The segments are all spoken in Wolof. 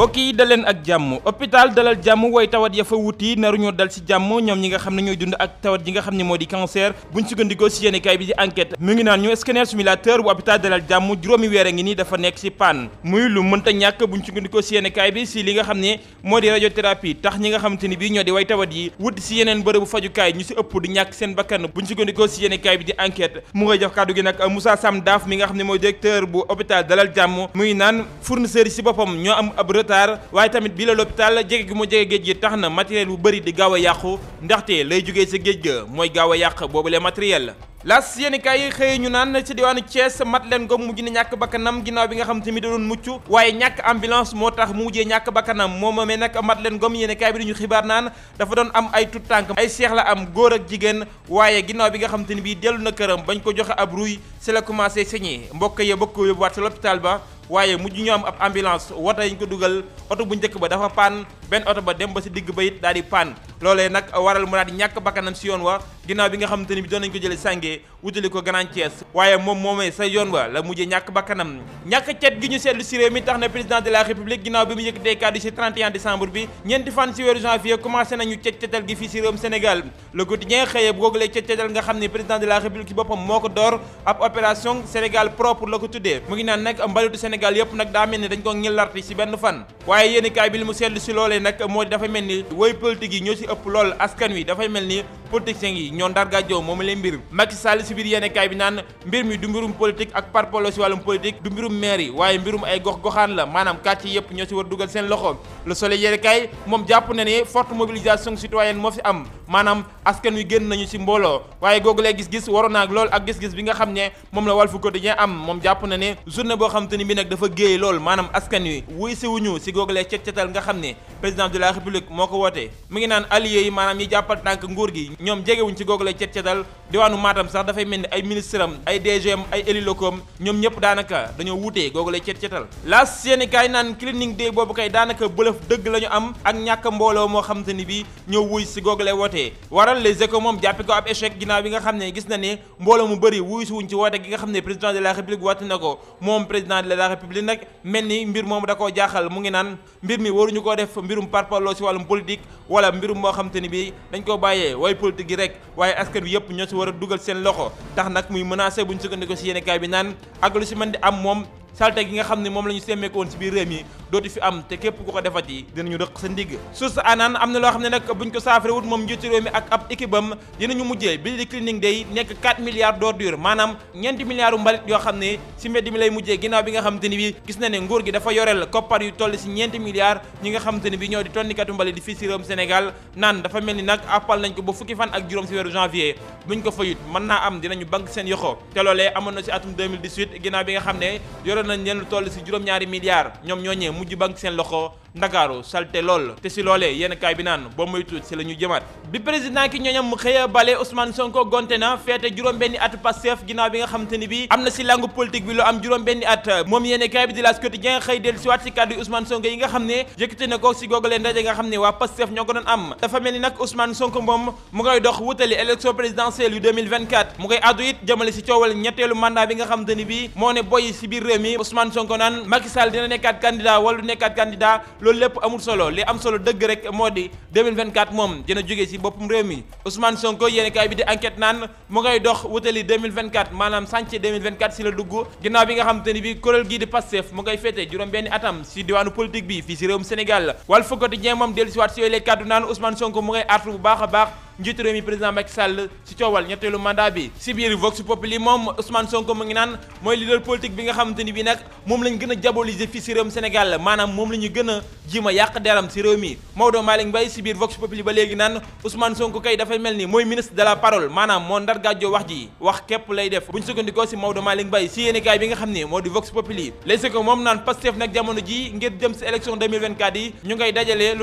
mbokk yi daleen ak jàmm hôpital dalal jàmm way tawat ya fa wuti naruñoo dal si jàmm ñoom ñi nga xam ne ñooy dund ak tawat yi nga xam ne moo di cancer buñ sukkandikoo si yéenekaay bi di enquête mu ngi naan ñu scanner a ngi nii dafa nekk si panne muy lu bi si li nga xam ne moo di radiothérapie tax ñi nga xamante ni bii ñoo di way tawat yi wuti si yeneen bërëbu fajukaay ñu si ëpp di ñàkk seen bakkan buñ sukkandikoo si yéenekaay bi di enquête mu ngay jox gi nag Moussa Sam Daaf mi nga xam ne mooy directeur bu hôpital dalal jàmm muy naan fournisseur yi si boppam ñoo am Matar waaye tamit bi la l'hôpital jege gi mu jege géej gi tax na matériel bu bëri di gaaw a yàqu ndaxte lay jógee sa géej ga mooy gaaw a yàq boobu le matériel las yéen kaay yi ñu naan ci diwaanu Thiès mat leen ngom mujj na ñàkk bakkanam ginnaaw bi nga xam tamit da doon mucc waaye ñàkk ambulance moo tax mu mujjee ñàkk bakkanam moom moomee nag mat leen ngom yéen kaay bi dañu xibaar naan dafa doon am ay tut tànk ay seex la am góor ak jigéen waaye ginnaaw bi nga xam te bii dellu na këram bañ ko joxe ab ruy si la commencé saigner mbokk ya bëgg ko yóbbuwaat si l'hôpital ba waaye mujj ñu am ab ambulance woto yi ñu ko dugal oto bu njëkk ba dafa paan benn oto ba dem ba si digg ba it daal di paan loolee nag waral mu daal di ñàkk bakkanam si yoon wa ginnaaw bi nga xamante ni bi doon nañ ko jële sànge wutali ko Grand Thiès waaye moom moomee sa yoon wa la mujjee ñàkk bakkanam ñàkk cet gi ñu seetlu si réew mi tax na président de la république ginnaaw bi mu yëkkatee kàddu si 31 décembre bi ñeenti fan si weeru janvier commencé nañu cet cetal gi fii si réewum Sénégal le quotidien xëyee bu googulee cet nga xam ne président de la république si boppam moo ko door ab opération Sénégal ngi naan nag mbalitu Sénégal yëpp nag daa mel ni dañ ko ngillarti si benn fan waaye yéeni kaay bi li mu seetlu dafa mel ni ni politiciens yi ñoo ndargaajoo moom la mbir Macky Sall si biir yéenekaay bi naan mbir mi du mbirum politique ak parpolo si wàllum politique du mbirum maire waaye mbirum ay gox goxaan la maanaam quartier yëpp ñoo ci war dugal seen loxo Le Soleil yéenekaay moom jàpp na ne forte mobilisation citoyenne moo fi am maanaam askan wi génn nañu ci mbooloo waaye googu gis-gis waroon naag lool ak gis-gis bi nga xam ne moom la Walf Quotidien am moom jàpp na ne journée boo xam te bi nag dafa géey lool maanaam askan wi wuy si wuñu si googu lay cet nga xam ne président de la république moo ko woote mi ngi naan alliés yi maanaam ñi jàppal tànk nguur gi ñoom jegewuñ ci googu lay cet-cetal diwaanu Matam sax dafay mel ni ay ministre am ay DG am ay élus am ñoom ñëpp daanaka dañoo wutee googu lay cet-cetal la seeni kaay naan cleaning day boobu kay daanaka bëlëf dëgg la ñu am ak ñàkk mbooloo moo xam te ni bi ñoo wuy si googu lay wootee waral les échos moom jàppe ko ab échec ginnaaw bi nga xam ne gis na ne mbooloo mu bari wuy si wuñ ci woote gi nga xam ne président de la république woote na ko moom président de la république nag mel ni mbir moomu da koo jaaxal mu ngi naan mbir mi waruñu koo def mbirum parparloo si wàllum politique wala mbirum moo xam te ni bi dañ koo bàyyee way politique yi rek waaye askan yëpp war a dugal seen loxo tax nag muy menacé bu ñu sukkandikoo si yéenekaay bi naan ak lu si moom salte gi nga xam ne moom la ñu woon ci biir réew mi dootu fi am te képp ku ko defati dinañu dëkk sa ndigg suuf sa anaan am na loo xam ne nag buñ ko saafare moom njiitu réew mi ak ab équipe am dinañu mujjee bi di day nekk 4 milliards d'ordures maanaam ñeenti milliards mbalit yoo xam ne ci mbedd mi lay mujjee ginnaaw bi nga xamante ne nga xamante ni bi ñoo di mbalit di fii ci réewum Sénégal naan dafa mel ni nag appal nañ ko ba fukki yore nañ leen lu toll si juróom-ñaari milliards ñoom ñooñee mujj banque seen loxo ndakaaru salte lool te si loolee yenn kaay bi naan boo moytuwul si la ñu jëmaat bi président ki ñooñam mu xëy a bale Ousmane Sonko gonte na feete juróom-benni at Pastef ginnaaw bi nga xam te bi am na si langue politique bi lu am juróom-benni at moom yenn kaay bi di L'As Quotidien xëy del si waat si kàddu Sonko yi nga xam ne yëkkati na si googalee ndaje nga xam ne waa Pastef ñoo ko doon am dafa mel ni nag Ousmane Sonko moom mu ngay dox wutali élection présidentielle yu te ni bi moo ne boy si biir réew mi Ousmane Sonko naan Macky Sall dina nekkaat candidat wala du nekkaat loolu lépp amul solo li am solo dëgg rek moo di 2024 moom dina jóge ci boppum réew mi Ousmane Sonko yéeni kaay bi di enquête naan mu ngay dox wutali 2024 maanaam sànce 2024 ci la dugg ginnaaw bi nga xam te ni bi kuréel gii di Pastef mu ngay féete juróom benni atam ci diwaanu politique bi fii ci réewum Sénégal Walf Quotidien moom dellusiwaat ci yooyu lay kàddu naan Ousmane mu ngay artu bu baax a baax njiitu réew mi président Macky Sall ci coowal ñetteelu mandat bi ci biir Vox Populi moom Ousmane Sonko mu ngi naan mooy leader politique bi nga xamante ni moom lañ gën a diaboliser fii ci réewum Sénégal maanaam la ñu gën a jima yàq deram ci réew mi Maodo Malick Mbaye ci biir Vox Populi ba léegi naan Ousmane Sonko kay dafay mel ni mooy ministre de la parole maanaam moo ndar gàjjoo wax ji wax képp lay def buñ sukkandikoo ci Maodo Malick Mbaye ci yéenekaay bi nga xam ne moo di Vox Populi yi ñu ngay dajalee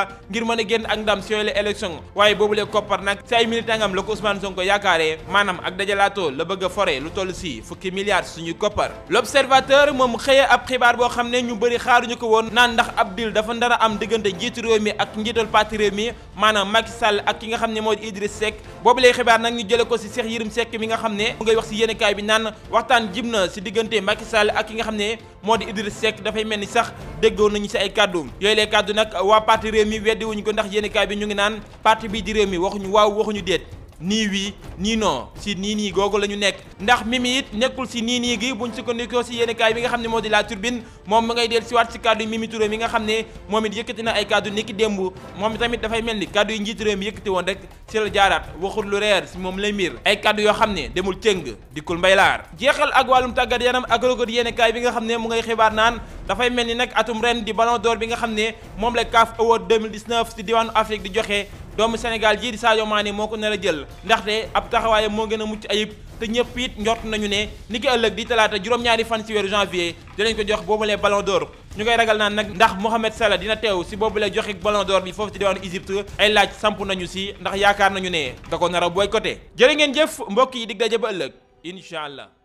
a génn ak ndam ci élection waaye boobu boobulee koppar nag si ay militangam la ko Ousmane Sonko yaakaaree maanaam ak dajalaatoo la bëgg a fore lu toll si fukki milliards suñuy koppar l'observateur moom xëyee ab xibaar boo xam ne ñu bëri xaaruñu ko woon naan ndax ab deal dafa ndara am diggante njiitu réew mi ak njiital parti mi maanaam Macky Sall ak ki nga xam ne moo di Idriss Seck boobulee xibaar nag ñu jële ko si Cheikh Yérim sekk mi nga xam ne mu ngay wax si yéenekaay bi naan waxtaan jib na si diggante Macky Sall ak ki nga xam ne moo di Idriss Seck dafay mel ni sax déggoon nañu ci ay kàddu yooyu lee kàddu nag waa parti réew mi weddi wuñu ko ndax yéenekaay bi ñu ngi naan parti bii di réew mi waxuñu waaw waxuñu déet niiw wii nii non si nii nii googu la ñu nekk ndax Mimi it nekkul si nii nii gi buñ sukkandikoo si yéen kaay bi nga xam ne moo di la turbine moom ma ngay del si waat si kaddu yi Mimi nga xam ne moom it yëkkati na ay kaddu niki démb moom tamit dafay mel ni kaddu yi njiit réew mi yëkkati woon rek si la jaaraat waxul lu reer si moom lay miir ay kaddu yoo xam ne demul cëng dikkul mbay laar jeexal ak wàllum tàggat yaram ak rogot yéen kaay bi nga xam ne mu ngay xibaar naan dafay mel ni nag atum ren di ballon d'or bi nga xam ne moom la CAF Award 2019 ci diwaanu Afrique di joxe doomu Sénégal jii di Sadio Mané moo ko nar a jël ndaxte ab taxawaayam moo gën a mucc ayib te ñëpp it njort nañu ne ni ki ëllëg di talaata juróom-ñaari fan ci weeru janvier dinañ ko jox boobalee ballon d'or ñu ngay ragal naan nag ndax Mohamed Salah dina teew ci boobulee joxe ballon d'or bi foofu ci diwaanu Égypte ay laaj samp nañu ci ndax yaakaar ne da ko nar a jërë ngeen jëf mbokk yi dig daje ba ëllëg allah